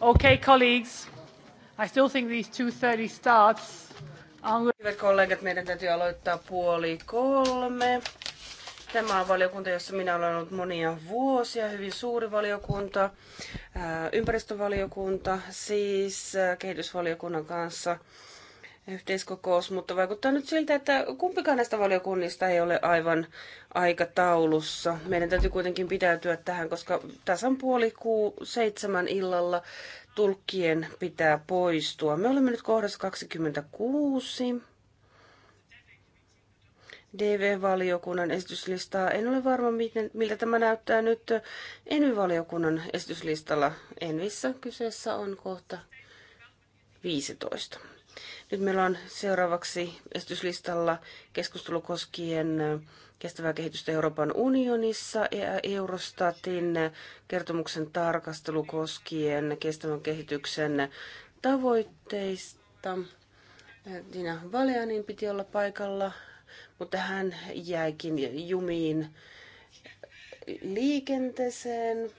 Okay, colleagues. I still think these 2.30 starts. Hyvät kollegat, meidän täytyy aloittaa puoli kolme. Tämä on valiokunta, jossa minä olen ollut monia vuosia, hyvin suuri valiokunta, ympäristövaliokunta, siis kehitysvaliokunnan kanssa yhteiskokous, mutta vaikuttaa nyt siltä, että kumpikaan näistä valiokunnista ei ole aivan aikataulussa. Meidän täytyy kuitenkin pitäytyä tähän, koska tasan puoli kuu seitsemän illalla tulkkien pitää poistua. Me olemme nyt kohdassa 26. DV-valiokunnan esityslistaa. En ole varma, miten, miltä tämä näyttää nyt ENY-valiokunnan esityslistalla. Envissä kyseessä on kohta 15. Nyt meillä on seuraavaksi esityslistalla keskustelu koskien äh, kestävää kehitystä Euroopan unionissa ja Eurostatin kertomuksen tarkastelu koskien kestävän kehityksen tavoitteista. Tina Valeanin piti olla paikalla, mutta hän jäikin jumiin liikenteeseen.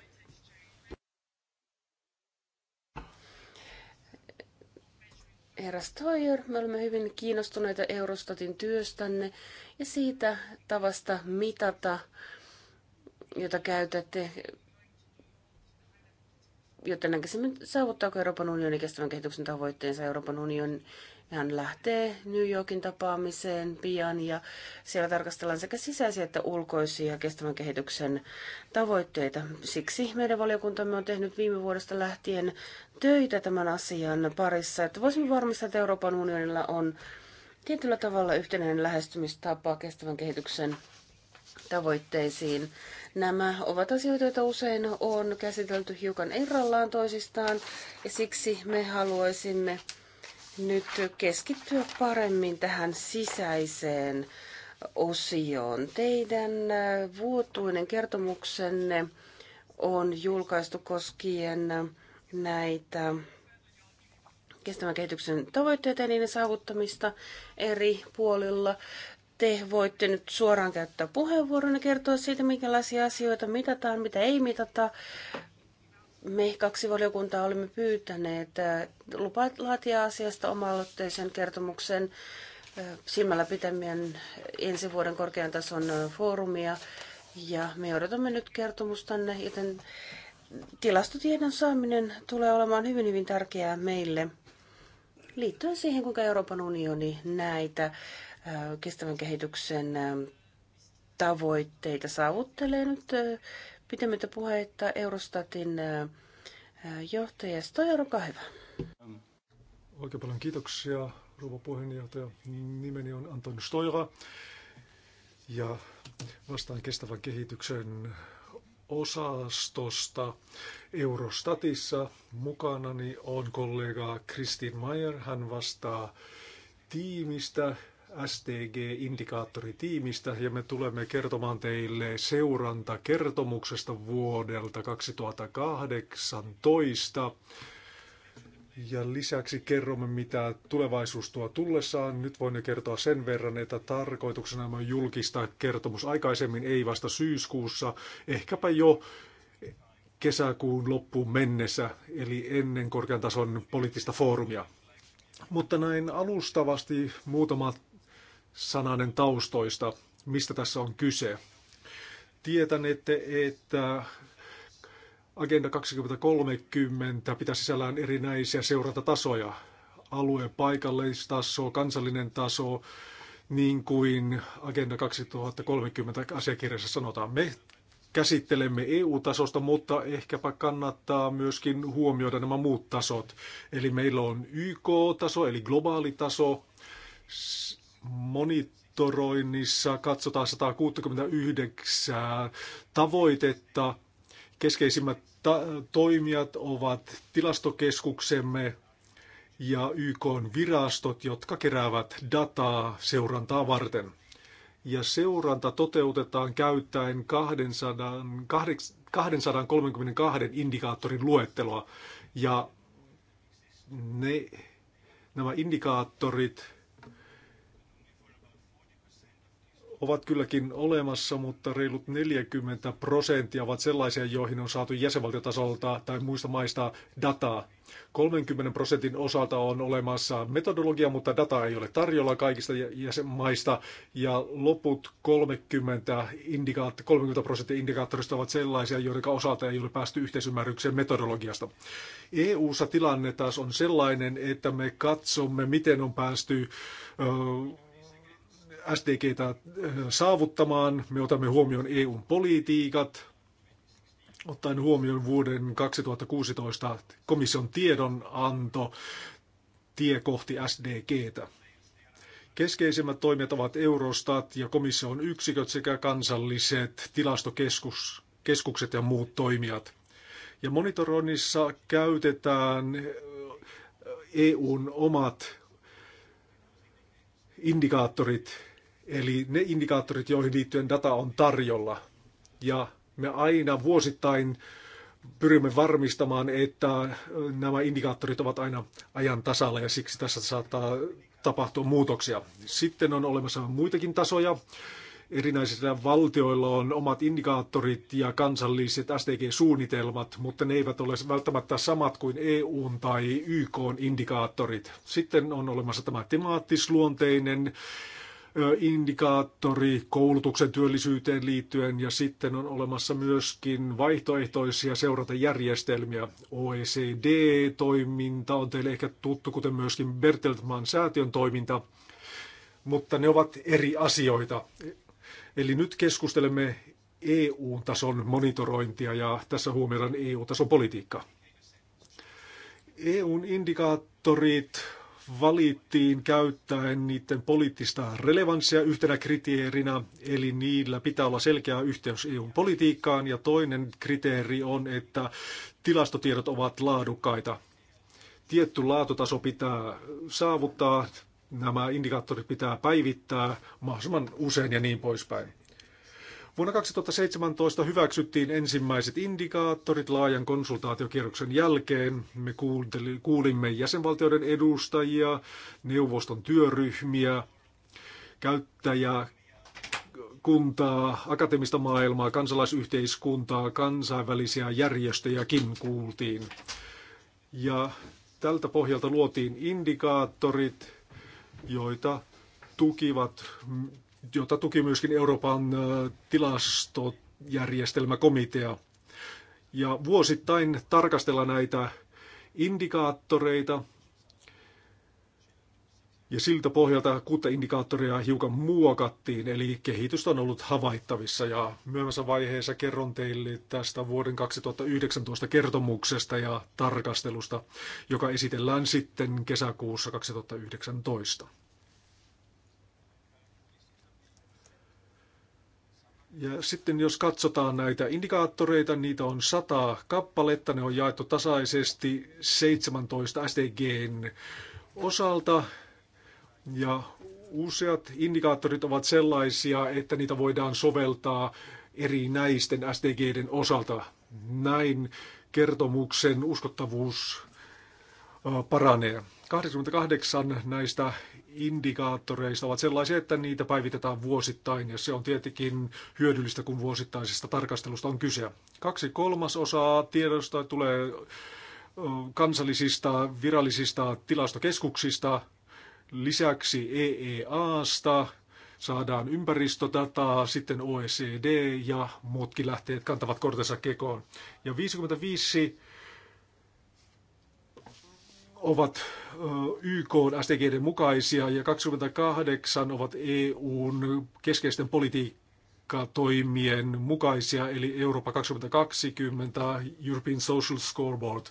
herra Steyer, me olemme hyvin kiinnostuneita Eurostatin työstänne ja siitä tavasta mitata, jota käytätte, jotta näkisimme, saavuttaako Euroopan unionin kestävän kehityksen tavoitteensa Euroopan unionin hän lähtee New Yorkin tapaamiseen pian ja siellä tarkastellaan sekä sisäisiä että ulkoisia kestävän kehityksen tavoitteita. Siksi meidän valiokuntamme on tehnyt viime vuodesta lähtien töitä tämän asian parissa, että voisimme varmistaa, että Euroopan unionilla on tietyllä tavalla yhtenäinen lähestymistapa kestävän kehityksen tavoitteisiin. Nämä ovat asioita, joita usein on käsitelty hiukan irrallaan toisistaan, ja siksi me haluaisimme nyt keskittyä paremmin tähän sisäiseen osioon. Teidän äh, vuotuinen kertomuksenne on julkaistu koskien näitä kestävän kehityksen tavoitteita ja niiden saavuttamista eri puolilla. Te voitte nyt suoraan käyttää puheenvuoron ja kertoa siitä, minkälaisia asioita mitataan, mitä ei mitata, me kaksi valiokuntaa olemme pyytäneet äh, lupa laatia asiasta oma-aloitteisen kertomuksen äh, silmällä pitämien ensi vuoden korkean tason äh, foorumia. Ja me odotamme nyt kertomustanne, joten tilastotiedon saaminen tulee olemaan hyvin hyvin tärkeää meille liittyen siihen, kuinka Euroopan unioni näitä kestävän kehityksen tavoitteita saavuttelee nyt pitämättä puhetta Eurostatin johtajasta. Olkaa hyvä. Oikein paljon kiitoksia, rouva puheenjohtaja. Nimeni on Anton Stoira ja vastaan kestävän kehityksen osastosta Eurostatissa. Mukanani on kollega Kristin Mayer. Hän vastaa tiimistä, STG-indikaattoritiimistä ja me tulemme kertomaan teille seurantakertomuksesta vuodelta 2018. Ja lisäksi kerromme, mitä tulevaisuus tuo tullessaan. Nyt voin jo kertoa sen verran, että tarkoituksena on julkistaa kertomus aikaisemmin, ei vasta syyskuussa, ehkäpä jo kesäkuun loppuun mennessä, eli ennen korkean tason poliittista foorumia. Mutta näin alustavasti muutama sananen taustoista, mistä tässä on kyse. Tietänette, että Agenda 2030 pitää sisällään erinäisiä seurantatasoja. Alue, paikallistaso, kansallinen taso, niin kuin Agenda 2030 asiakirjassa sanotaan. Me käsittelemme EU-tasosta, mutta ehkäpä kannattaa myöskin huomioida nämä muut tasot. Eli meillä on YK-taso, eli globaali taso, monitoroinnissa katsotaan 169 tavoitetta. Keskeisimmät toimijat ovat tilastokeskuksemme ja YK virastot, jotka keräävät dataa seurantaa varten. Ja seuranta toteutetaan käyttäen 200, 232 indikaattorin luetteloa. Ja ne, nämä indikaattorit ovat kylläkin olemassa, mutta reilut 40 prosenttia ovat sellaisia, joihin on saatu jäsenvaltiotasolta tai muista maista dataa. 30 prosentin osalta on olemassa metodologia, mutta dataa ei ole tarjolla kaikista jäsenmaista. Ja loput 30, indikaat- 30 prosenttia indikaattorista ovat sellaisia, joiden osalta ei ole päästy yhteisymmärrykseen metodologiasta. EU-ssa tilanne taas on sellainen, että me katsomme, miten on päästy öö, SDGtä äh, saavuttamaan. Me otamme huomioon EUn politiikat, ottaen huomioon vuoden 2016 komission tiedonanto tie kohti SDGtä. Keskeisimmät toimet ovat Eurostat ja komission yksiköt sekä kansalliset tilastokeskukset ja muut toimijat. Ja monitoroinnissa käytetään äh, EUn omat indikaattorit Eli ne indikaattorit, joihin liittyen data on tarjolla. Ja me aina vuosittain pyrimme varmistamaan, että nämä indikaattorit ovat aina ajan tasalla ja siksi tässä saattaa tapahtua muutoksia. Sitten on olemassa muitakin tasoja. Erinäisillä valtioilla on omat indikaattorit ja kansalliset SDG-suunnitelmat, mutta ne eivät ole välttämättä samat kuin EUn tai YKn indikaattorit. Sitten on olemassa tämä temaattisluonteinen indikaattori koulutuksen työllisyyteen liittyen ja sitten on olemassa myöskin vaihtoehtoisia seurantajärjestelmiä. OECD-toiminta on teille ehkä tuttu, kuten myöskin Berteltman säätiön toiminta, mutta ne ovat eri asioita. Eli nyt keskustelemme EU-tason monitorointia ja tässä huomioidaan EU-tason politiikkaa. EUn indikaattorit valittiin käyttäen niiden poliittista relevanssia yhtenä kriteerinä, eli niillä pitää olla selkeä yhteys eu politiikkaan, ja toinen kriteeri on, että tilastotiedot ovat laadukkaita. Tietty laatutaso pitää saavuttaa, nämä indikaattorit pitää päivittää mahdollisimman usein ja niin poispäin. Vuonna 2017 hyväksyttiin ensimmäiset indikaattorit laajan konsultaatiokierroksen jälkeen. Me kuulimme jäsenvaltioiden edustajia, neuvoston työryhmiä, käyttäjä, kuntaa, akateemista maailmaa, kansalaisyhteiskuntaa, kansainvälisiä järjestöjäkin kuultiin. Ja tältä pohjalta luotiin indikaattorit, joita tukivat jota tuki myöskin Euroopan tilastojärjestelmäkomitea. Ja vuosittain tarkastella näitä indikaattoreita ja siltä pohjalta kuutta indikaattoria hiukan muokattiin, eli kehitystä on ollut havaittavissa ja myöhemmässä vaiheessa kerron teille tästä vuoden 2019 kertomuksesta ja tarkastelusta, joka esitellään sitten kesäkuussa 2019. Ja sitten jos katsotaan näitä indikaattoreita, niitä on 100 kappaletta, ne on jaettu tasaisesti 17 SDGn osalta. Ja useat indikaattorit ovat sellaisia, että niitä voidaan soveltaa eri näisten SDGden osalta. Näin kertomuksen uskottavuus paranee. 88 näistä indikaattoreista ovat sellaisia, että niitä päivitetään vuosittain ja se on tietenkin hyödyllistä, kun vuosittaisesta tarkastelusta on kyse. Kaksi kolmasosaa tiedosta tulee kansallisista virallisista tilastokeskuksista, lisäksi EEAsta, saadaan ympäristödataa, sitten OECD ja muutkin lähteet kantavat kortensa kekoon. Ja 55 ovat YK SDGiden mukaisia ja 28 ovat EUn keskeisten politiikkatoimien mukaisia, eli Eurooppa 2020, European Social Scoreboard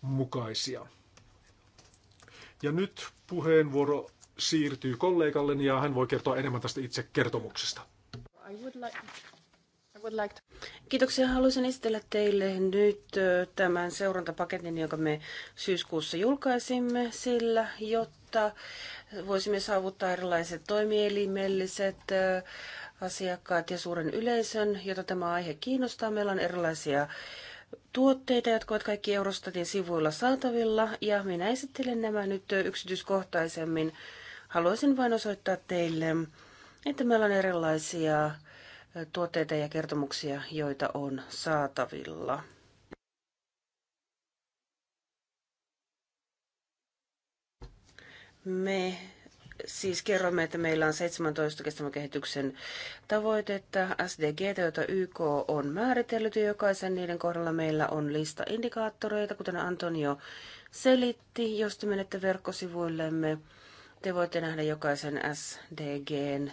mukaisia. Ja nyt puheenvuoro siirtyy kollegalleni ja hän voi kertoa enemmän tästä itse kertomuksesta. I would like... Kiitoksia. Haluaisin esitellä teille nyt tämän seurantapaketin, jonka me syyskuussa julkaisimme sillä, jotta voisimme saavuttaa erilaiset toimielimelliset asiakkaat ja suuren yleisön, jota tämä aihe kiinnostaa. Meillä on erilaisia tuotteita, jotka ovat kaikki Eurostatin sivuilla saatavilla, ja minä esittelen nämä nyt yksityiskohtaisemmin. Haluaisin vain osoittaa teille, että meillä on erilaisia tuotteita ja kertomuksia, joita on saatavilla. Me siis kerromme, että meillä on 17 kestävän kehityksen tavoitetta, SDG, joita YK on määritellyt, ja jokaisen niiden kohdalla meillä on lista indikaattoreita, kuten Antonio selitti, jos te menette verkkosivuillemme. Te voitte nähdä jokaisen SDGn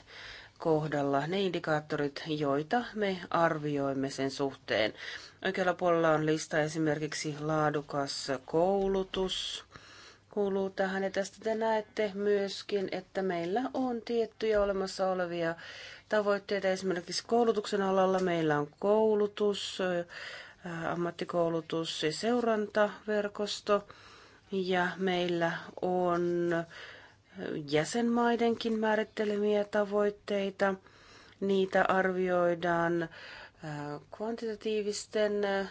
kohdalla ne indikaattorit, joita me arvioimme sen suhteen. Oikealla puolella on lista esimerkiksi laadukas koulutus kuuluu tähän. Ja tästä te näette myöskin, että meillä on tiettyjä olemassa olevia tavoitteita. Esimerkiksi koulutuksen alalla meillä on koulutus, äh, ammattikoulutus ja seurantaverkosto. Ja meillä on jäsenmaidenkin määrittelemiä tavoitteita. Niitä arvioidaan äh, kvantitatiivisten äh,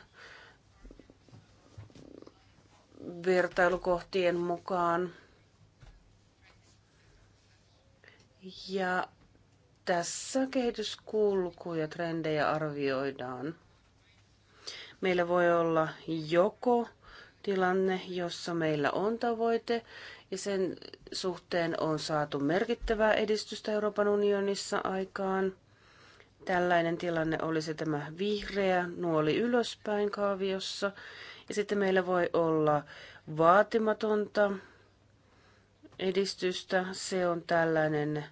vertailukohtien mukaan. Ja tässä kehityskulku ja trendejä arvioidaan. Meillä voi olla joko tilanne, jossa meillä on tavoite ja sen suhteen on saatu merkittävää edistystä Euroopan unionissa aikaan. Tällainen tilanne olisi tämä vihreä nuoli ylöspäin kaaviossa. Ja sitten meillä voi olla vaatimatonta edistystä. Se on tällainen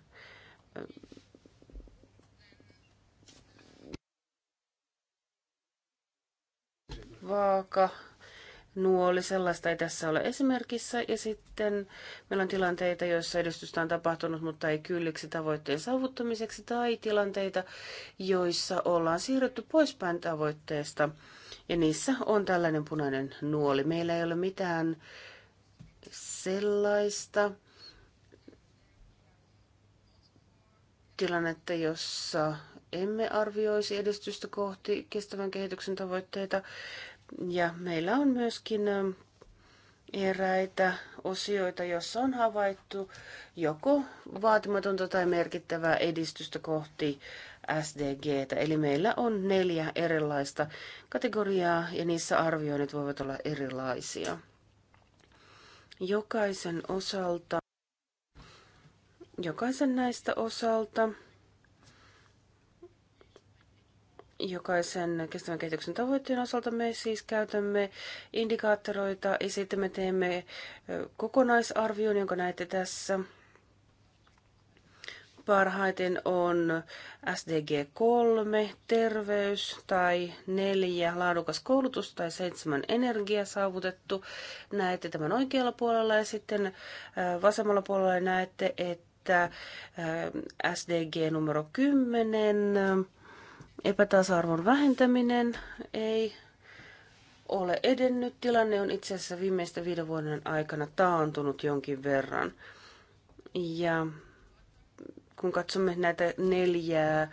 vaaka nuoli, sellaista ei tässä ole esimerkissä. Ja sitten meillä on tilanteita, joissa edistystä on tapahtunut, mutta ei kylliksi tavoitteen saavuttamiseksi, tai tilanteita, joissa ollaan siirrytty poispäin tavoitteesta. Ja niissä on tällainen punainen nuoli. Meillä ei ole mitään sellaista tilannetta, jossa emme arvioisi edistystä kohti kestävän kehityksen tavoitteita. Ja meillä on myöskin eräitä osioita, joissa on havaittu joko vaatimatonta tai merkittävää edistystä kohti SDGtä. Eli meillä on neljä erilaista kategoriaa ja niissä arvioinnit voivat olla erilaisia. Jokaisen osalta, jokaisen näistä osalta jokaisen kestävän kehityksen tavoitteen osalta me siis käytämme indikaattoreita ja sitten me teemme kokonaisarvion, jonka näette tässä. Parhaiten on SDG 3, terveys tai 4, laadukas koulutus tai 7, energia saavutettu. Näette tämän oikealla puolella ja sitten vasemmalla puolella näette, että SDG numero 10, epätasa-arvon vähentäminen ei ole edennyt. Tilanne on itse asiassa viimeisten viiden vuoden aikana taantunut jonkin verran. Ja kun katsomme näitä neljää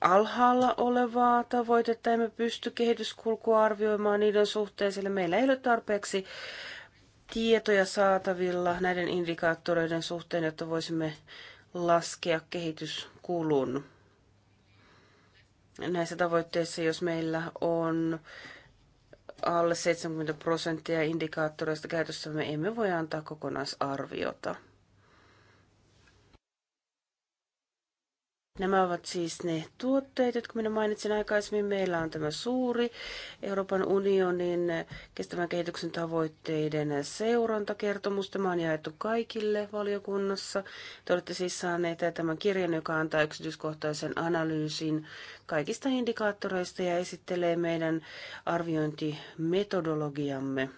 alhaalla olevaa tavoitetta, emme pysty kehityskulkua arvioimaan niiden suhteen, sillä meillä ei ole tarpeeksi tietoja saatavilla näiden indikaattoreiden suhteen, jotta voisimme laskea kehityskulun näissä tavoitteissa, jos meillä on alle 70 prosenttia indikaattoreista käytössä, me emme voi antaa kokonaisarviota. Nämä ovat siis ne tuotteet, jotka minä mainitsin aikaisemmin. Meillä on tämä suuri Euroopan unionin kestävän kehityksen tavoitteiden seurantakertomus. Tämä on jaettu kaikille valiokunnassa. Te olette siis saaneet tämän kirjan, joka antaa yksityiskohtaisen analyysin kaikista indikaattoreista ja esittelee meidän arviointimetodologiamme.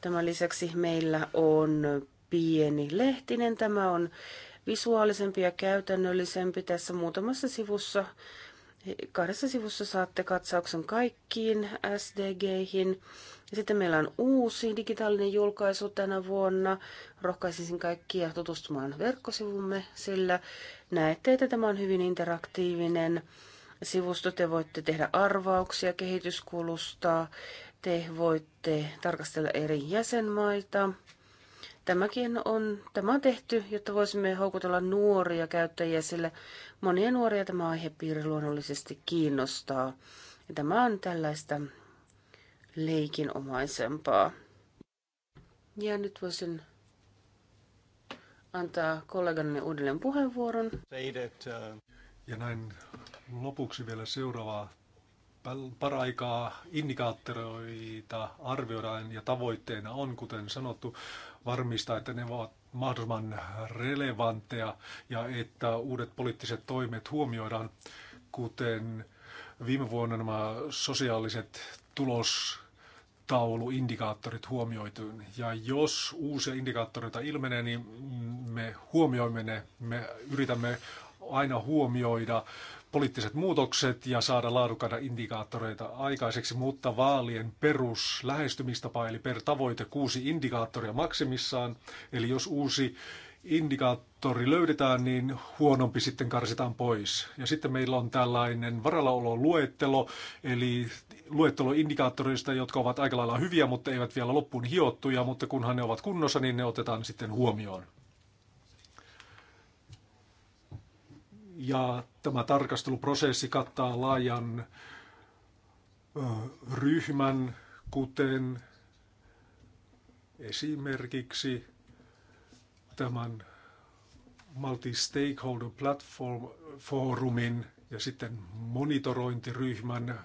Tämän lisäksi meillä on pieni lehtinen. Tämä on visuaalisempi ja käytännöllisempi tässä muutamassa sivussa. Kahdessa sivussa saatte katsauksen kaikkiin SDGihin. Ja sitten meillä on uusi digitaalinen julkaisu tänä vuonna. Rohkaisisin kaikkia tutustumaan verkkosivumme, sillä näette, että tämä on hyvin interaktiivinen sivusto. Te voitte tehdä arvauksia kehityskulusta, te voitte tarkastella eri jäsenmaita Tämäkin on, tämä on tehty, jotta voisimme houkutella nuoria käyttäjiä, sillä monia nuoria tämä aihepiiri luonnollisesti kiinnostaa. Ja tämä on tällaista leikinomaisempaa. Ja nyt voisin antaa kolleganne uudelleen puheenvuoron. Uh, ja näin lopuksi vielä seuraavaa paraikaa indikaattoreita arvioidaan ja tavoitteena on, kuten sanottu, varmistaa, että ne ovat mahdollisimman relevantteja ja että uudet poliittiset toimet huomioidaan, kuten viime vuonna nämä sosiaaliset tulos tauluindikaattorit huomioituin. Ja jos uusia indikaattoreita ilmenee, niin me huomioimme ne. Me yritämme aina huomioida poliittiset muutokset ja saada laadukkaita indikaattoreita aikaiseksi, mutta vaalien peruslähestymistapa, eli per tavoite kuusi indikaattoria maksimissaan, eli jos uusi indikaattori löydetään, niin huonompi sitten karsitaan pois. Ja sitten meillä on tällainen varallaololuettelo, eli luettelo indikaattoreista, jotka ovat aika lailla hyviä, mutta eivät vielä loppuun hiottuja, mutta kunhan ne ovat kunnossa, niin ne otetaan sitten huomioon. ja tämä tarkasteluprosessi kattaa laajan ryhmän, kuten esimerkiksi tämän Multi-Stakeholder Platform Forumin ja sitten monitorointiryhmän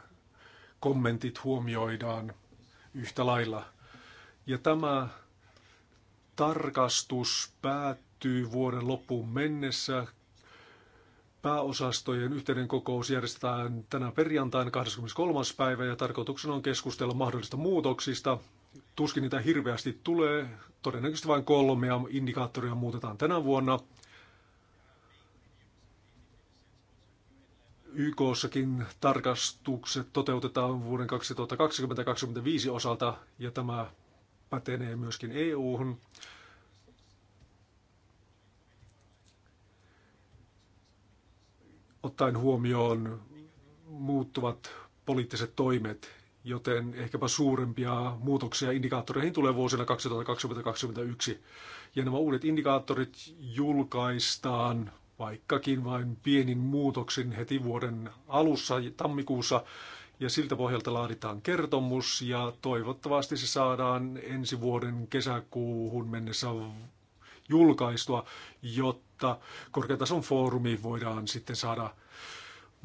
kommentit huomioidaan yhtä lailla. Ja tämä tarkastus päättyy vuoden loppuun mennessä pääosastojen yhteinen kokous järjestetään tänä perjantaina 23. päivä ja tarkoituksena on keskustella mahdollisista muutoksista. Tuskin niitä hirveästi tulee, todennäköisesti vain kolmea indikaattoria muutetaan tänä vuonna. YKssakin tarkastukset toteutetaan vuoden 2020-2025 osalta ja tämä pätenee myöskin EU-hun. ottaen huomioon muuttuvat poliittiset toimet, joten ehkäpä suurempia muutoksia indikaattoreihin tulee vuosina 2020-2021. Ja nämä uudet indikaattorit julkaistaan vaikkakin vain pienin muutoksin heti vuoden alussa tammikuussa, ja siltä pohjalta laaditaan kertomus ja toivottavasti se saadaan ensi vuoden kesäkuuhun mennessä julkaistua, jotta mutta korkeatason foorumiin voidaan sitten saada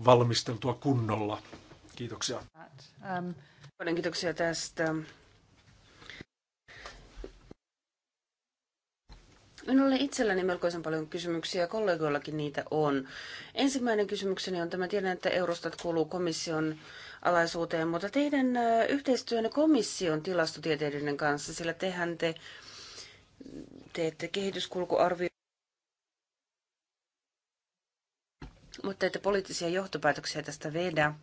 valmisteltua kunnolla. Kiitoksia. Ähm, paljon kiitoksia tästä. Minulle itselläni melkoisen paljon kysymyksiä, kollegoillakin niitä on. Ensimmäinen kysymykseni on tämä, tiedän, että Eurostat kuuluu komission alaisuuteen, mutta teidän äh, yhteistyönne komission tilastotieteiden kanssa, sillä tehän te teette kehityskulkuarvio mutta että poliittisia johtopäätöksiä tästä vedä.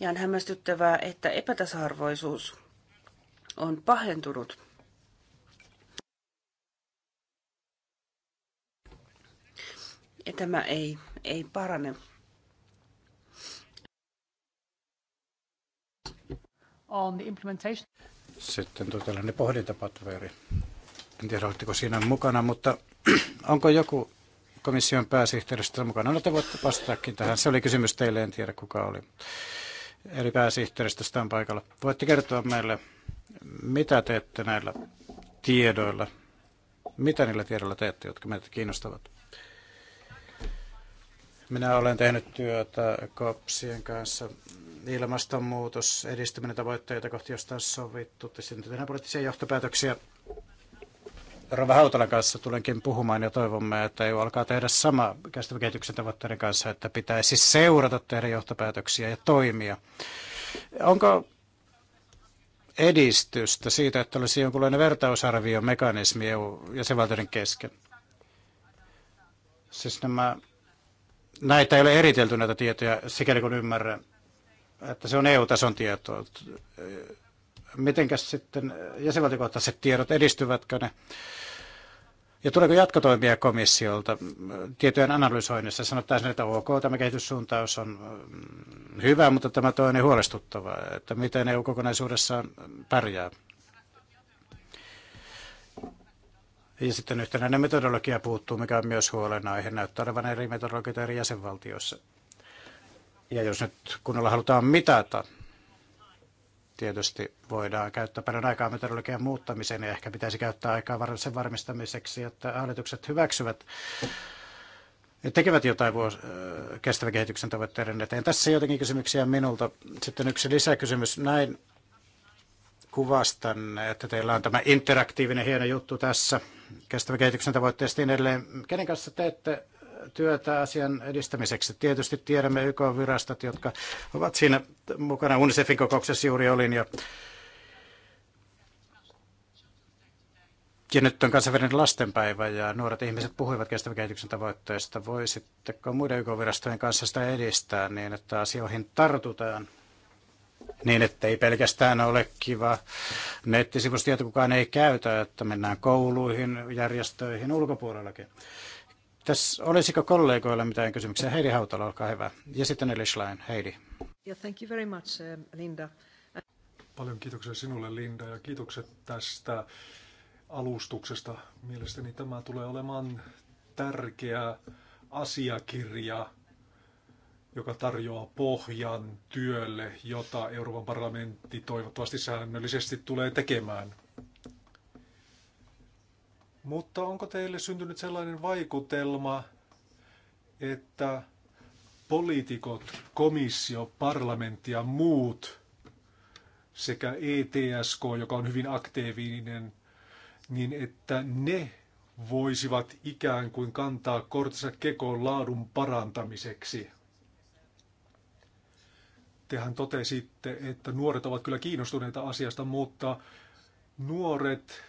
Ja on hämmästyttävää, että epätasa-arvoisuus on pahentunut. Ja tämä ei, ei parane. On the implementation. Sitten tuo tällainen pohdintapatveri. En tiedä, oletteko siinä mukana, mutta onko joku komission pääsihteeristä mukana. No te voitte vastaakin tähän. Se oli kysymys teille, en tiedä kuka oli. Eli sitä on paikalla. Voitte kertoa meille, mitä teette näillä tiedoilla? Mitä niillä tiedoilla teette, jotka meitä kiinnostavat? Minä olen tehnyt työtä kopsien kanssa ilmastonmuutos, edistäminen tavoitteita kohti, josta on sovittu. Sitten tehdään poliittisia johtopäätöksiä Rova Hautalan kanssa tulenkin puhumaan ja toivomme, että EU alkaa tehdä sama kestävän kehityksen tavoitteiden kanssa, että pitäisi seurata, tehdä johtopäätöksiä ja toimia. Onko edistystä siitä, että olisi jonkinlainen mekanismi EU-jäsenvaltioiden kesken? Siis nämä, näitä ei ole eritelty näitä tietoja, sikäli kun ymmärrän, että se on EU-tason tietoa mitenkäs sitten äh, jäsenvaltiokohtaiset tiedot, edistyvätkö ne? Ja tuleeko jatkotoimia komissiolta äh, tietojen analysoinnissa? Sanotaan, että ok, tämä kehityssuuntaus on mm, hyvä, mutta tämä toinen huolestuttava, että miten EU kokonaisuudessaan pärjää. Ja sitten yhtenäinen metodologia puuttuu, mikä on myös huolenaihe. Näyttää olevan eri metodologioita eri jäsenvaltioissa. Ja jos nyt kunnolla halutaan mitata Tietysti voidaan käyttää paljon aikaa metodologian muuttamiseen ja ehkä pitäisi käyttää aikaa sen varmistamiseksi, että hallitukset hyväksyvät ja tekevät jotain vuos, kestävän kehityksen tavoitteiden eteen. Tässä jotenkin kysymyksiä minulta. Sitten yksi lisäkysymys. Näin kuvastan, että teillä on tämä interaktiivinen hieno juttu tässä kestävän kehityksen tavoitteesta niin edelleen. Kenen kanssa teette työtä asian edistämiseksi. Tietysti tiedämme YK-virastot, jotka ovat siinä mukana. UNICEFin kokouksessa juuri olin ja Ja nyt on kansainvälinen lastenpäivä ja nuoret ihmiset puhuivat kestävän kehityksen tavoitteista. Voisitteko muiden YK-virastojen kanssa sitä edistää niin, että asioihin tartutaan? Niin, että ei pelkästään ole kiva nettisivusto, kukaan ei käytä, että mennään kouluihin, järjestöihin, ulkopuolellakin. Tässä olisiko kollegoilla mitään kysymyksiä? Heidi Hautala, olkaa hyvä. Ja sitten Eli Schlein. Heidi. Yeah, thank you very much, uh, Linda. Paljon kiitoksia sinulle, Linda, ja kiitokset tästä alustuksesta. Mielestäni tämä tulee olemaan tärkeä asiakirja, joka tarjoaa pohjan työlle, jota Euroopan parlamentti toivottavasti säännöllisesti tulee tekemään. Mutta onko teille syntynyt sellainen vaikutelma, että poliitikot, komissio, parlamentti ja muut sekä ETSK, joka on hyvin aktiivinen, niin että ne voisivat ikään kuin kantaa kortensa kekoon laadun parantamiseksi. Tehän totesitte, että nuoret ovat kyllä kiinnostuneita asiasta, mutta nuoret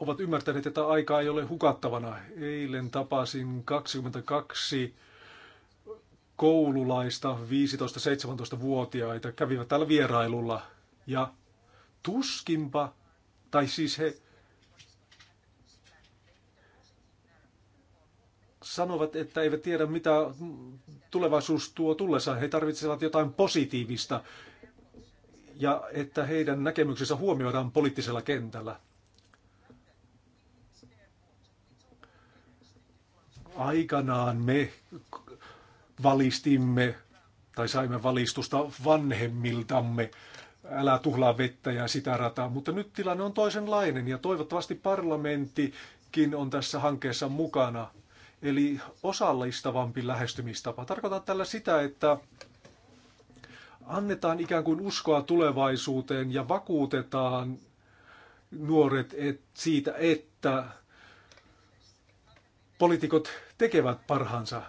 ovat ymmärtäneet, että aikaa ei ole hukattavana. Eilen tapasin 22 koululaista, 15-17-vuotiaita, kävivät täällä vierailulla ja tuskinpa, tai siis he sanovat, että eivät tiedä, mitä tulevaisuus tuo tullessa. He tarvitsevat jotain positiivista ja että heidän näkemyksensä huomioidaan poliittisella kentällä. Aikanaan me valistimme tai saimme valistusta vanhemmiltamme, älä tuhlaa vettä ja sitä rataa, mutta nyt tilanne on toisenlainen ja toivottavasti parlamenttikin on tässä hankkeessa mukana. Eli osallistavampi lähestymistapa. Tarkoitan tällä sitä, että annetaan ikään kuin uskoa tulevaisuuteen ja vakuutetaan nuoret et, siitä, että poliitikot tekevät parhaansa.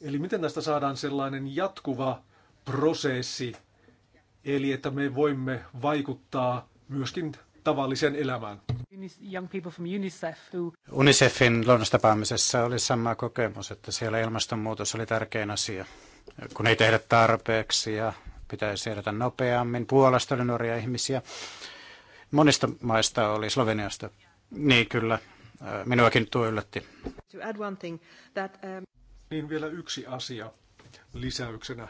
Eli miten tästä saadaan sellainen jatkuva prosessi, eli että me voimme vaikuttaa myöskin tavalliseen elämään. UNICEFin luonnostapaamisessa oli sama kokemus, että siellä ilmastonmuutos oli tärkein asia, kun ei tehdä tarpeeksi ja pitäisi edetä nopeammin. Puolasta oli nuoria ihmisiä. Monista maista oli Sloveniasta. Niin kyllä, Minuakin tuo yllätti. To add one thing, that, um... Niin vielä yksi asia lisäyksenä.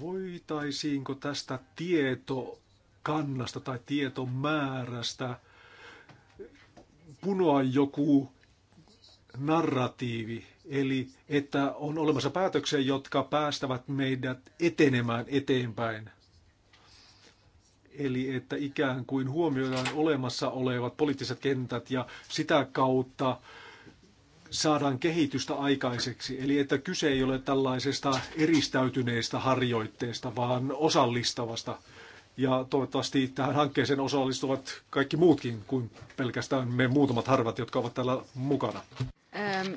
Voitaisiinko tästä tietokannasta tai tietomäärästä punoa joku narratiivi, eli että on olemassa päätöksiä, jotka päästävät meidät etenemään eteenpäin – Eli että ikään kuin huomioidaan olemassa olevat poliittiset kentät ja sitä kautta saadaan kehitystä aikaiseksi. Eli että kyse ei ole tällaisesta eristäytyneestä harjoitteesta, vaan osallistavasta. Ja toivottavasti tähän hankkeeseen osallistuvat kaikki muutkin kuin pelkästään me muutamat harvat, jotka ovat täällä mukana. Ähm.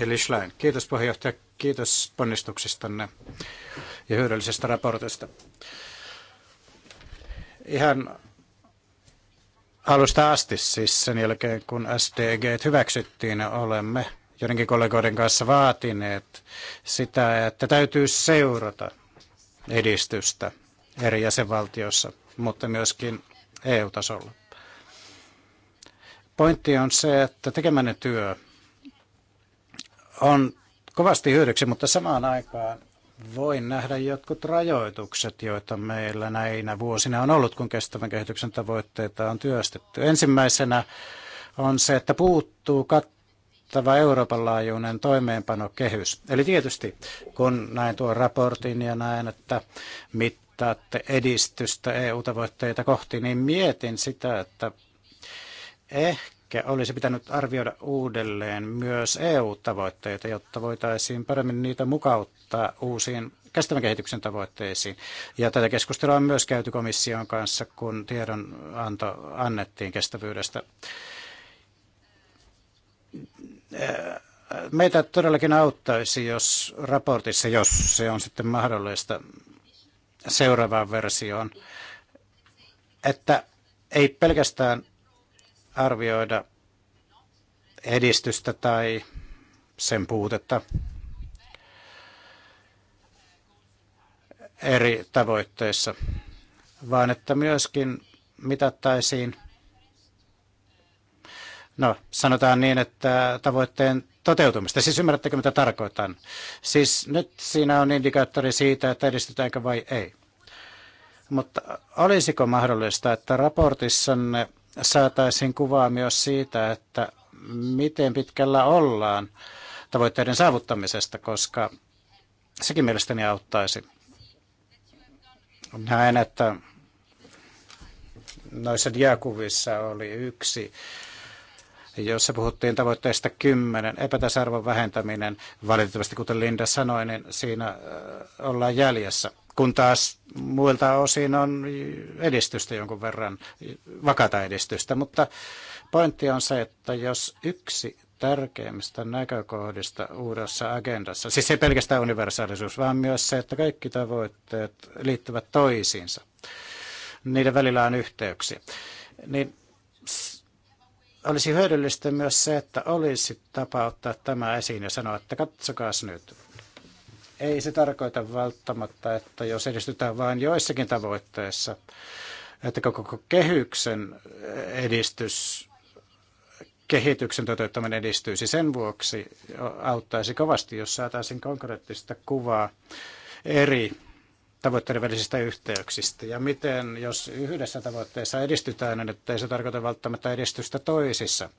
Eli Schlein, kiitos puheenjohtaja, kiitos ponnistuksistanne ja hyödyllisestä raportista ihan alusta asti, siis sen jälkeen kun SDG hyväksyttiin, olemme joidenkin kollegoiden kanssa vaatineet sitä, että täytyy seurata edistystä eri jäsenvaltioissa, mutta myöskin EU-tasolla. Pointti on se, että tekemänne työ on kovasti hyödyksi, mutta samaan aikaan voin nähdä jotkut rajoitukset, joita meillä näinä vuosina on ollut, kun kestävän kehityksen tavoitteita on työstetty. Ensimmäisenä on se, että puuttuu kattava Euroopan laajuinen toimeenpanokehys. Eli tietysti, kun näin tuon raportin ja näen, että mittaatte edistystä EU-tavoitteita kohti, niin mietin sitä, että ehkä Ehkä olisi pitänyt arvioida uudelleen myös EU-tavoitteita, jotta voitaisiin paremmin niitä mukauttaa uusiin kestävän kehityksen tavoitteisiin. Ja tätä keskustelua on myös käyty komission kanssa, kun tiedonanto annettiin kestävyydestä. Meitä todellakin auttaisi, jos raportissa, jos se on sitten mahdollista seuraavaan versioon, että ei pelkästään arvioida edistystä tai sen puutetta eri tavoitteissa, vaan että myöskin mitattaisiin, no sanotaan niin, että tavoitteen toteutumista. Siis ymmärrättekö, mitä tarkoitan? Siis nyt siinä on indikaattori siitä, että edistytäänkö vai ei. Mutta olisiko mahdollista, että raportissanne saataisiin kuvaa myös siitä, että miten pitkällä ollaan tavoitteiden saavuttamisesta, koska sekin mielestäni auttaisi. Näen, että noissa diakuvissa oli yksi, jossa puhuttiin tavoitteista kymmenen, epätasarvon vähentäminen. Valitettavasti, kuten Linda sanoi, niin siinä ollaan jäljessä kun taas muilta osin on edistystä jonkun verran, vakata edistystä. Mutta pointti on se, että jos yksi tärkeimmistä näkökohdista uudessa agendassa, siis ei pelkästään universaalisuus, vaan myös se, että kaikki tavoitteet liittyvät toisiinsa, niiden välillä on yhteyksiä, niin olisi hyödyllistä myös se, että olisi tapa ottaa tämä esiin ja sanoa, että katsokaas nyt, ei se tarkoita välttämättä, että jos edistytään vain joissakin tavoitteissa, että koko kehyksen edistys, kehityksen toteuttaminen edistyisi. Sen vuoksi auttaisi kovasti, jos saataisiin konkreettista kuvaa eri tavoitteiden välisistä yhteyksistä ja miten, jos yhdessä tavoitteessa edistytään, niin ei se tarkoita välttämättä edistystä toisissa,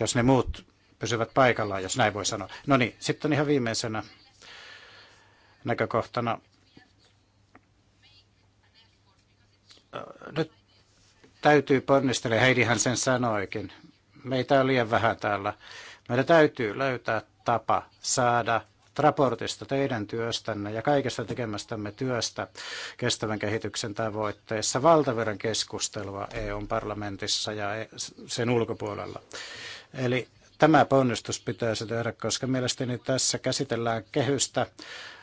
jos ne muut pysyvät paikallaan, jos näin voi sanoa. No niin, sitten ihan viimeisenä näkökohtana. Nyt täytyy ponnistella, Heidihan sen sanoikin. Meitä on liian vähän täällä. Meidän täytyy löytää tapa saada raportista teidän työstänne ja kaikesta tekemästämme työstä kestävän kehityksen tavoitteessa valtavirran keskustelua eu parlamentissa ja sen ulkopuolella. Eli Tämä ponnistus pitäisi tehdä, koska mielestäni tässä käsitellään kehystä,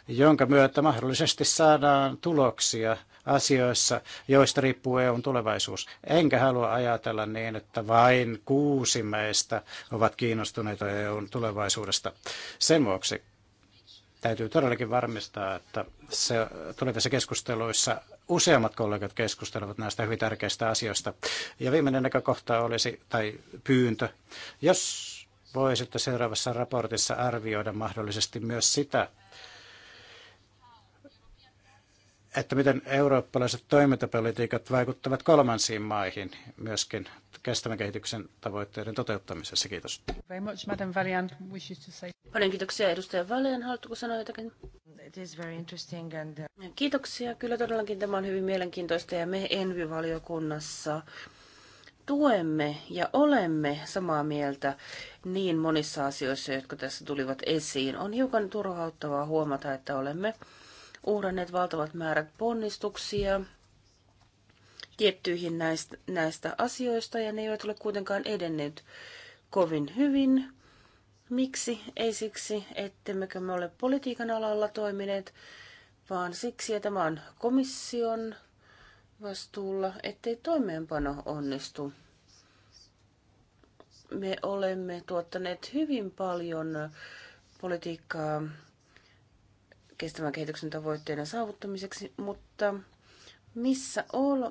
jonka myötä mahdollisesti saadaan tuloksia asioissa, joista riippuu EUn tulevaisuus. Enkä halua ajatella niin, että vain kuusi meistä ovat kiinnostuneita EUn tulevaisuudesta. Sen vuoksi täytyy todellakin varmistaa, että se tulevissa keskusteluissa useammat kollegat keskustelevat näistä hyvin tärkeistä asioista. Ja viimeinen näkökohta olisi, tai pyyntö, jos voisitte seuraavassa raportissa arvioida mahdollisesti myös sitä, että miten eurooppalaiset toimintapolitiikat vaikuttavat kolmansiin maihin myöskin kestävän kehityksen tavoitteiden toteuttamisessa. Kiitos. Paljon kiitoksia edustaja Valian. Haluatko sanoa jotakin? Uh, kiitoksia. Kyllä todellakin tämä on hyvin mielenkiintoista ja me Envy-valiokunnassa tuemme ja olemme samaa mieltä niin monissa asioissa, jotka tässä tulivat esiin. On hiukan turhauttavaa huomata, että olemme uhranneet valtavat määrät ponnistuksia tiettyihin näistä, näistä asioista, ja ne eivät ole kuitenkaan edenneet kovin hyvin. Miksi? Ei siksi, ettemmekö me ole politiikan alalla toimineet, vaan siksi, että tämä on komission vastuulla, ettei toimeenpano onnistu. Me olemme tuottaneet hyvin paljon politiikkaa kestävän kehityksen tavoitteiden saavuttamiseksi, mutta missä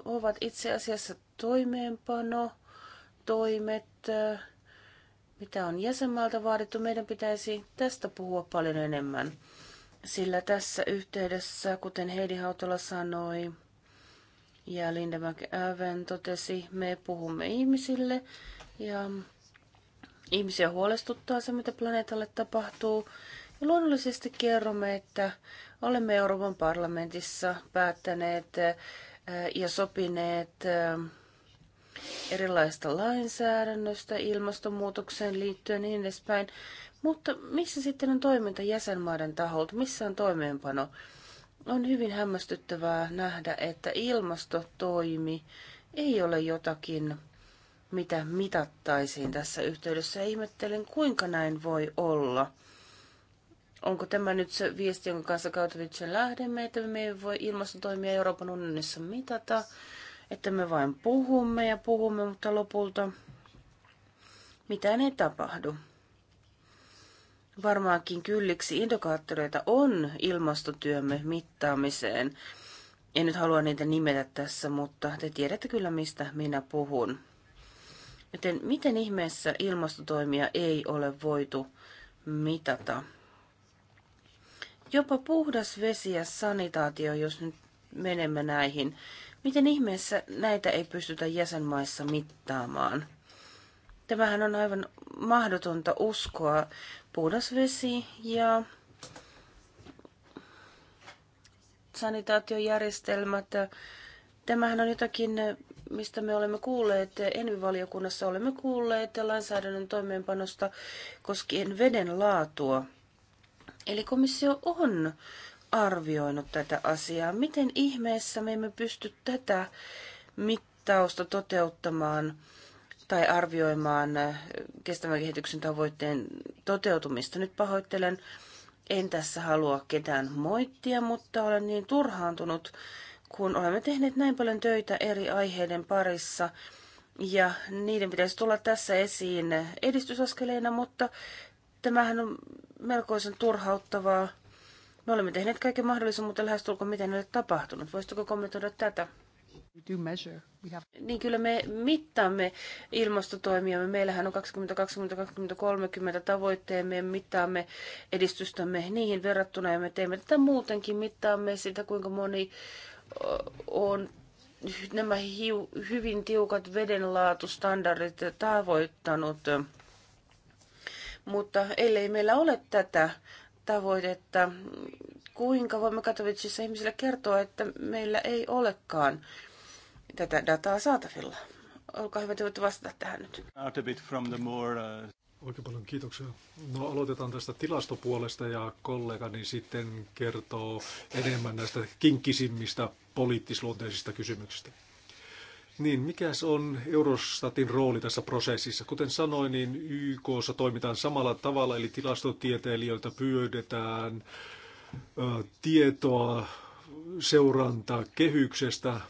ovat itse asiassa toimeenpano, toimet, mitä on jäsenmaalta vaadittu, meidän pitäisi tästä puhua paljon enemmän. Sillä tässä yhteydessä, kuten Heidi Hautala sanoi, ja Linda McAven totesi, me puhumme ihmisille ja ihmisiä huolestuttaa se, mitä planeetalle tapahtuu. Ja luonnollisesti kerromme, että olemme Euroopan parlamentissa päättäneet äh, ja sopineet äh, erilaista lainsäädännöstä ilmastonmuutokseen liittyen niin edespäin. Mutta missä sitten on toiminta jäsenmaiden taholta? Missä on toimeenpano? On hyvin hämmästyttävää nähdä, että ilmastotoimi ei ole jotakin, mitä mitattaisiin tässä yhteydessä. Ihmettelen, kuinka näin voi olla. Onko tämä nyt se viesti, jonka kanssa Kautovitsen lähdemme, että me ei voi ilmastotoimia Euroopan unionissa mitata, että me vain puhumme ja puhumme, mutta lopulta mitään ei tapahdu. Varmaankin kylliksi indikaattoreita on ilmastotyömme mittaamiseen. En nyt halua niitä nimetä tässä, mutta te tiedätte kyllä, mistä minä puhun. Joten miten ihmeessä ilmastotoimia ei ole voitu mitata? Jopa puhdas vesi ja sanitaatio, jos nyt menemme näihin. Miten ihmeessä näitä ei pystytä jäsenmaissa mittaamaan? Tämähän on aivan mahdotonta uskoa puhdas vesi ja sanitaatiojärjestelmät. Tämähän on jotakin, mistä me olemme kuulleet, Envivaliokunnassa olemme kuulleet lainsäädännön toimeenpanosta koskien veden laatua. Eli komissio on arvioinut tätä asiaa. Miten ihmeessä me emme pysty tätä mittausta toteuttamaan tai arvioimaan kestävän kehityksen tavoitteen toteutumista. Nyt pahoittelen, en tässä halua ketään moittia, mutta olen niin turhaantunut, kun olemme tehneet näin paljon töitä eri aiheiden parissa. Ja niiden pitäisi tulla tässä esiin edistysaskeleina, mutta tämähän on melkoisen turhauttavaa. Me olemme tehneet kaiken mahdollisen, mutta lähestulkoon miten ei ole tapahtunut. Voisitko kommentoida tätä? Niin kyllä me mittaamme ilmastotoimia. Meillähän on 2020-2030 tavoitteemme ja mittaamme edistystämme niihin verrattuna ja me teemme tätä muutenkin. Mittaamme sitä, kuinka moni on nämä hiu, hyvin tiukat vedenlaatustandardit tavoittanut. Mutta ellei meillä ole tätä tavoitetta, kuinka voimme Katowicissa ihmisille kertoa, että meillä ei olekaan tätä dataa saatavilla. Olkaa hyvä, että vastata tähän nyt. Out a bit from the more, uh... Oikein paljon kiitoksia. No aloitetaan tästä tilastopuolesta ja kollegani sitten kertoo enemmän näistä kinkkisimmistä poliittisluonteisista kysymyksistä. Niin, mikäs on Eurostatin rooli tässä prosessissa? Kuten sanoin, niin YKssa toimitaan samalla tavalla, eli tilastotieteilijöiltä pyydetään ö, tietoa seurantaa kehyksestä,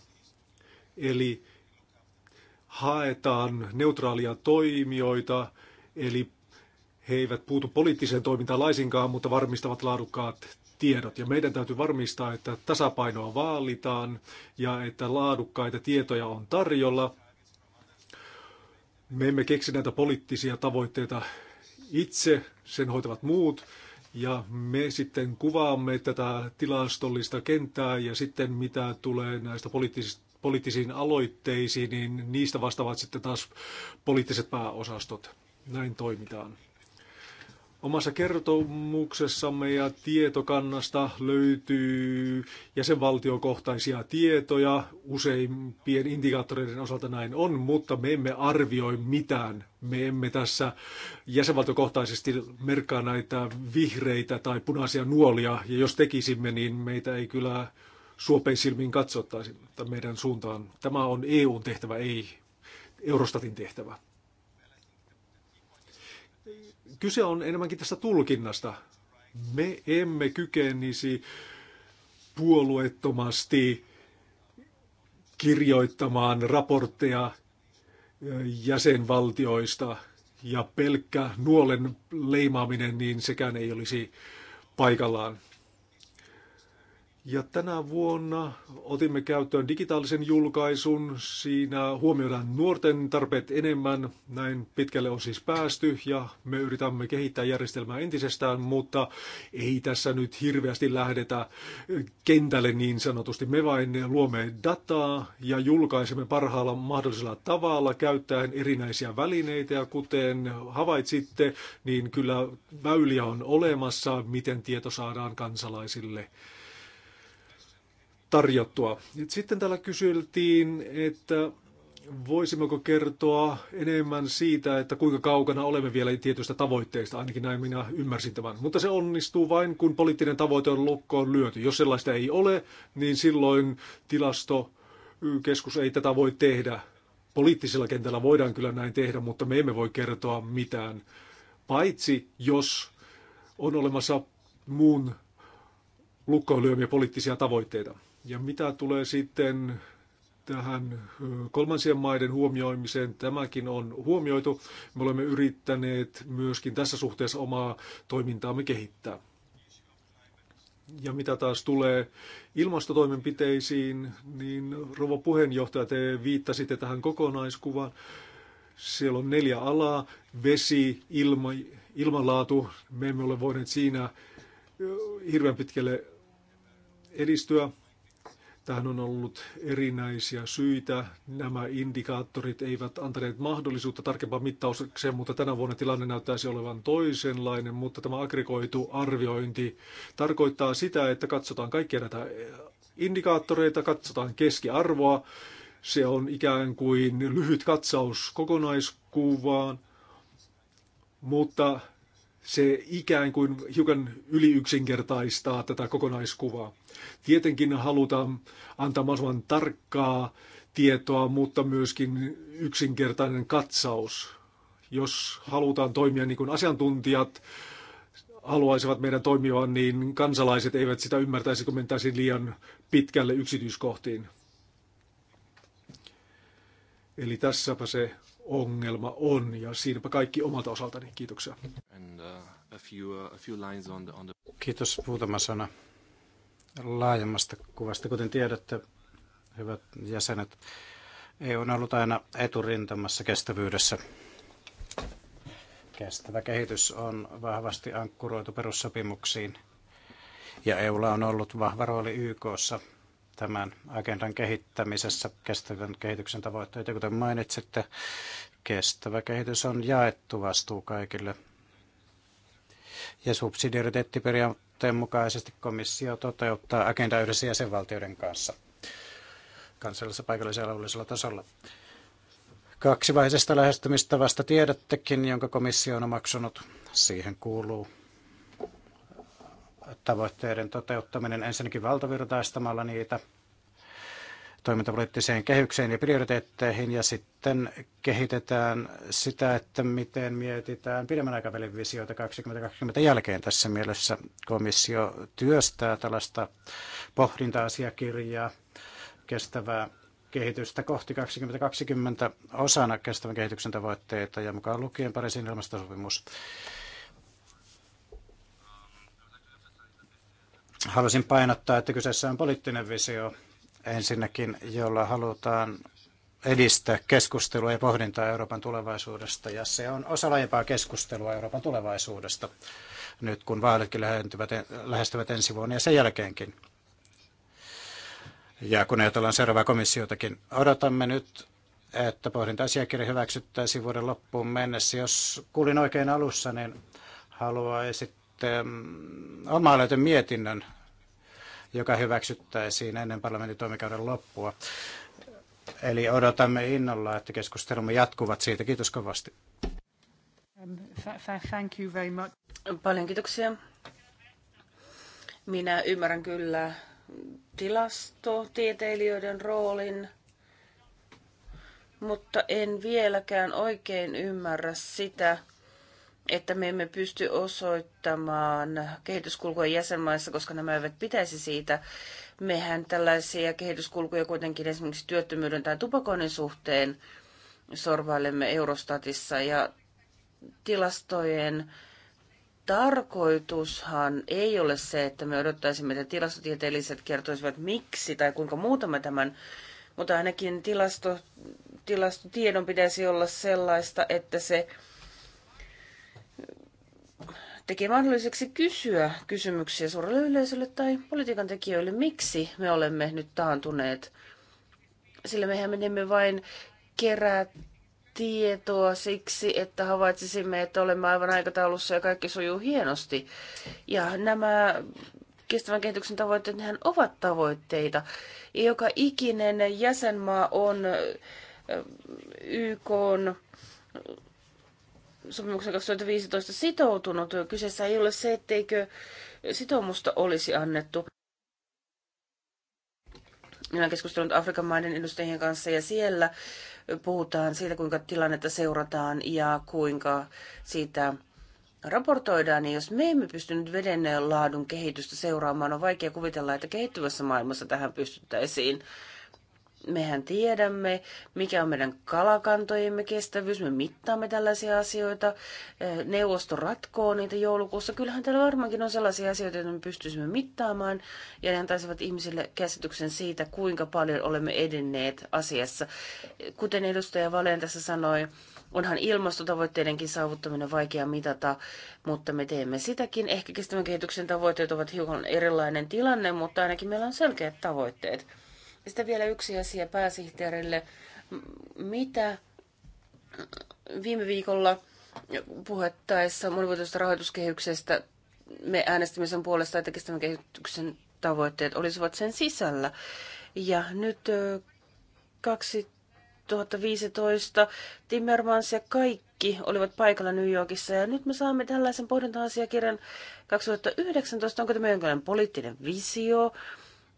Eli haetaan neutraalia toimijoita, eli he eivät puutu poliittiseen toimintaan laisinkaan, mutta varmistavat laadukkaat tiedot. Ja meidän täytyy varmistaa, että tasapainoa vaalitaan ja että laadukkaita tietoja on tarjolla. Me emme keksi näitä poliittisia tavoitteita itse, sen hoitavat muut. Ja me sitten kuvaamme tätä tilastollista kenttää ja sitten mitä tulee näistä poliittisista poliittisiin aloitteisiin, niin niistä vastaavat sitten taas poliittiset pääosastot. Näin toimitaan. Omassa kertomuksessamme ja tietokannasta löytyy jäsenvaltiokohtaisia tietoja. Useimpien indikaattoreiden osalta näin on, mutta me emme arvioi mitään. Me emme tässä jäsenvaltiokohtaisesti merkkaa näitä vihreitä tai punaisia nuolia, ja jos tekisimme, niin meitä ei kyllä suopein silmiin katsottaisiin meidän suuntaan. Tämä on EUn tehtävä, ei Eurostatin tehtävä. Kyse on enemmänkin tästä tulkinnasta. Me emme kykenisi puolueettomasti kirjoittamaan raportteja jäsenvaltioista ja pelkkä nuolen leimaaminen, niin sekään ei olisi paikallaan. Ja tänä vuonna otimme käyttöön digitaalisen julkaisun. Siinä huomioidaan nuorten tarpeet enemmän. Näin pitkälle on siis päästy ja me yritämme kehittää järjestelmää entisestään, mutta ei tässä nyt hirveästi lähdetä kentälle niin sanotusti. Me vain luomme dataa ja julkaisemme parhaalla mahdollisella tavalla käyttäen erinäisiä välineitä. Ja kuten havaitsitte, niin kyllä väyliä on olemassa, miten tieto saadaan kansalaisille tarjottua. Sitten täällä kysyiltiin, että voisimmeko kertoa enemmän siitä, että kuinka kaukana olemme vielä tietystä tavoitteista, ainakin näin minä ymmärsin tämän. Mutta se onnistuu vain, kun poliittinen tavoite on lukkoon lyöty. Jos sellaista ei ole, niin silloin tilastokeskus ei tätä voi tehdä. Poliittisella kentällä voidaan kyllä näin tehdä, mutta me emme voi kertoa mitään, paitsi jos on olemassa muun lukkoon lyömiä poliittisia tavoitteita. Ja mitä tulee sitten tähän kolmansien maiden huomioimiseen, tämäkin on huomioitu. Me olemme yrittäneet myöskin tässä suhteessa omaa toimintaamme kehittää. Ja mitä taas tulee ilmastotoimenpiteisiin, niin rouva puheenjohtaja, te viittasitte tähän kokonaiskuvaan. Siellä on neljä alaa, vesi, ilma, ilmanlaatu. Me emme ole voineet siinä hirveän pitkälle edistyä, Tähän on ollut erinäisiä syitä. Nämä indikaattorit eivät antaneet mahdollisuutta tarkempaan mittaukseen, mutta tänä vuonna tilanne näyttäisi olevan toisenlainen, mutta tämä aggregoitu arviointi tarkoittaa sitä, että katsotaan kaikkia näitä indikaattoreita, katsotaan keskiarvoa. Se on ikään kuin lyhyt katsaus kokonaiskuvaan, mutta se ikään kuin hiukan yliyksinkertaistaa tätä kokonaiskuvaa. Tietenkin halutaan antaa mahdollisimman tarkkaa tietoa, mutta myöskin yksinkertainen katsaus. Jos halutaan toimia niin kuin asiantuntijat haluaisivat meidän toimivan, niin kansalaiset eivät sitä ymmärtäisi, kun mentäisiin liian pitkälle yksityiskohtiin. Eli tässäpä se ongelma on. Ja siinäpä kaikki omalta osaltani. Kiitoksia. Uh, uh, Kiitos. Muutama sana laajemmasta kuvasta. Kuten tiedätte, hyvät jäsenet, EU on ollut aina eturintamassa kestävyydessä. Kestävä kehitys on vahvasti ankkuroitu perussopimuksiin ja EUlla on ollut vahva rooli YKssa – tämän agendan kehittämisessä kestävän kehityksen tavoitteita. Kuten mainitsitte, kestävä kehitys on jaettu vastuu kaikille. Ja subsidiariteettiperiaatteen mukaisesti komissio toteuttaa agenda yhdessä jäsenvaltioiden kanssa kansallisella, paikallisella ja alueellisella tasolla. Kaksivaiheisesta lähestymistavasta tiedättekin, jonka komissio on omaksunut. Siihen kuuluu tavoitteiden toteuttaminen ensinnäkin valtavirtaistamalla niitä toimintapoliittiseen kehykseen ja prioriteetteihin ja sitten kehitetään sitä, että miten mietitään pidemmän aikavälin visioita 2020 jälkeen tässä mielessä. Komissio työstää tällaista pohdinta-asiakirjaa kestävää kehitystä kohti 2020 osana kestävän kehityksen tavoitteita ja mukaan lukien Pariisin ilmastosopimus. Haluaisin painottaa, että kyseessä on poliittinen visio ensinnäkin, jolla halutaan edistää keskustelua ja pohdintaa Euroopan tulevaisuudesta, ja se on osa laajempaa keskustelua Euroopan tulevaisuudesta, nyt kun vaalitkin lähestyvät ensi vuonna ja sen jälkeenkin. Ja kun ajatellaan seuraavaa komissiotakin, odotamme nyt, että pohdinta-asiakirja hyväksyttäisiin vuoden loppuun mennessä. Jos kuulin oikein alussa, niin haluaisitte mm, oma mietinnön joka hyväksyttäisiin ennen parlamentin toimikauden loppua. Eli odotamme innolla, että keskustelumme jatkuvat siitä. Kiitos kovasti. Um, thank you very much. Paljon kiitoksia. Minä ymmärrän kyllä tilastotieteilijöiden roolin, mutta en vieläkään oikein ymmärrä sitä, että me emme pysty osoittamaan kehityskulkuja jäsenmaissa, koska nämä eivät pitäisi siitä. Mehän tällaisia kehityskulkuja kuitenkin esimerkiksi työttömyyden tai tupakoinnin suhteen sorvailemme Eurostatissa ja tilastojen tarkoitushan ei ole se, että me odottaisimme, että tilastotieteelliset kertoisivat miksi tai kuinka muutamme tämän, mutta ainakin tilasto, tilastotiedon pitäisi olla sellaista, että se tekee mahdolliseksi kysyä kysymyksiä suurelle yleisölle tai politiikan tekijöille, miksi me olemme nyt taantuneet. Sillä mehän menemme vain kerää tietoa siksi, että havaitsisimme, että olemme aivan aikataulussa ja kaikki sujuu hienosti. Ja nämä kestävän kehityksen tavoitteet, nehän ovat tavoitteita. Ja joka ikinen jäsenmaa on YK sopimuksen 2015 sitoutunut. Kyseessä ei ole se, etteikö sitoumusta olisi annettu. Minä olen keskustellut Afrikan maiden edustajien kanssa ja siellä puhutaan siitä, kuinka tilannetta seurataan ja kuinka siitä raportoidaan, niin jos me emme pystynyt veden laadun kehitystä seuraamaan, on vaikea kuvitella, että kehittyvässä maailmassa tähän pystyttäisiin mehän tiedämme, mikä on meidän kalakantojemme kestävyys, me mittaamme tällaisia asioita, eh, neuvosto ratkoo niitä joulukuussa. Kyllähän täällä varmaankin on sellaisia asioita, joita me pystyisimme mittaamaan, ja ne antaisivat ihmisille käsityksen siitä, kuinka paljon olemme edenneet asiassa. Kuten edustaja Valen tässä sanoi, onhan ilmastotavoitteidenkin saavuttaminen vaikea mitata, mutta me teemme sitäkin. Ehkä kestävän kehityksen tavoitteet ovat hiukan erilainen tilanne, mutta ainakin meillä on selkeät tavoitteet sitten vielä yksi asia pääsihteerille. Mitä viime viikolla puhettaessa monivuotoisesta rahoituskehyksestä me äänestimme sen puolesta, että kestävän kehityksen tavoitteet olisivat sen sisällä. Ja nyt 2015 Timmermans ja kaikki olivat paikalla New Yorkissa ja nyt me saamme tällaisen pohdinta-asiakirjan 2019. Onko tämä jonkinlainen poliittinen visio?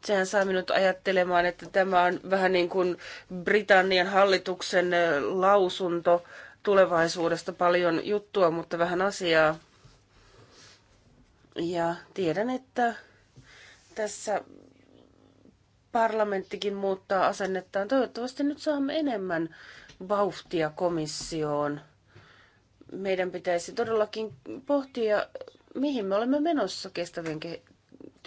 sehän saa minut ajattelemaan, että tämä on vähän niin kuin Britannian hallituksen lausunto tulevaisuudesta paljon juttua, mutta vähän asiaa. Ja tiedän, että tässä parlamenttikin muuttaa asennettaan. Toivottavasti nyt saamme enemmän vauhtia komissioon. Meidän pitäisi todellakin pohtia, mihin me olemme menossa kestävien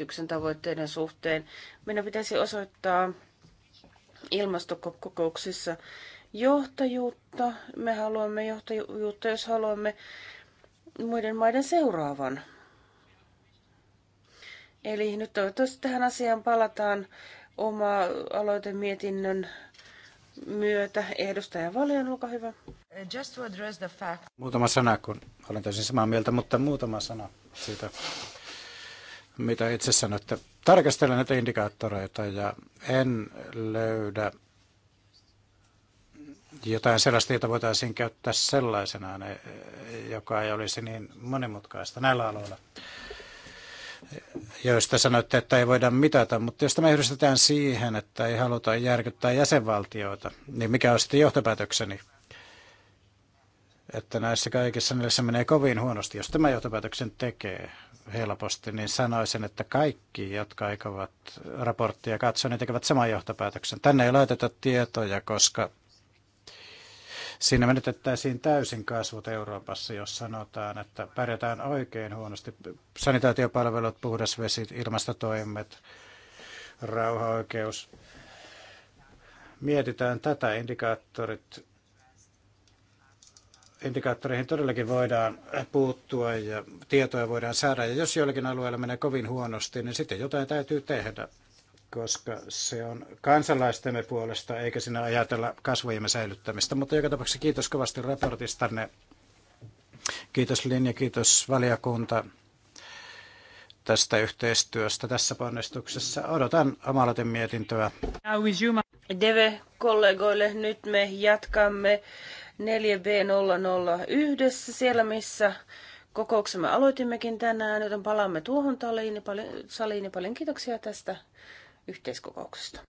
menestyksen tavoitteiden suhteen. Meidän pitäisi osoittaa ilmastokokouksissa johtajuutta. Me haluamme johtajuutta, jos haluamme muiden maiden seuraavan. Eli nyt toivottavasti tähän asiaan palataan oma aloitemietinnön myötä. Edustaja Valion, olkaa hyvä. Just to address the fact. Muutama sana, kun olen täysin samaa mieltä, mutta muutama sana siitä mitä itse sanoitte. Tarkastelen näitä indikaattoreita ja en löydä jotain sellaista, jota voitaisiin käyttää sellaisenaan, joka ei olisi niin monimutkaista näillä aloilla, joista sanoitte, että ei voida mitata. Mutta jos tämä yhdistetään siihen, että ei haluta järkyttää jäsenvaltioita, niin mikä on sitten johtopäätökseni? että näissä kaikissa näissä menee kovin huonosti. Jos tämä johtopäätöksen tekee helposti, niin sanoisin, että kaikki, jotka aikovat raporttia katsoa, niin tekevät saman johtopäätöksen. Tänne ei laiteta tietoja, koska siinä menetettäisiin täysin kasvut Euroopassa, jos sanotaan, että pärjätään oikein huonosti. Sanitaatiopalvelut, puhdas vesi, ilmastotoimet, rauhaoikeus. Mietitään tätä indikaattorit indikaattoreihin todellakin voidaan puuttua ja tietoja voidaan saada. Ja jos jollakin alueella menee kovin huonosti, niin sitten jotain täytyy tehdä, koska se on kansalaistemme puolesta, eikä sinä ajatella kasvojemme säilyttämistä. Mutta joka tapauksessa kiitos kovasti raportistanne. Kiitos Linja, kiitos valiokunta tästä yhteistyöstä tässä ponnistuksessa. Odotan omalaten mietintöä. Deve-kollegoille nyt me jatkamme 4B001, siellä missä kokouksemme aloitimmekin tänään, joten palaamme tuohon niin saliin. ja saliin paljon kiitoksia tästä yhteiskokouksesta.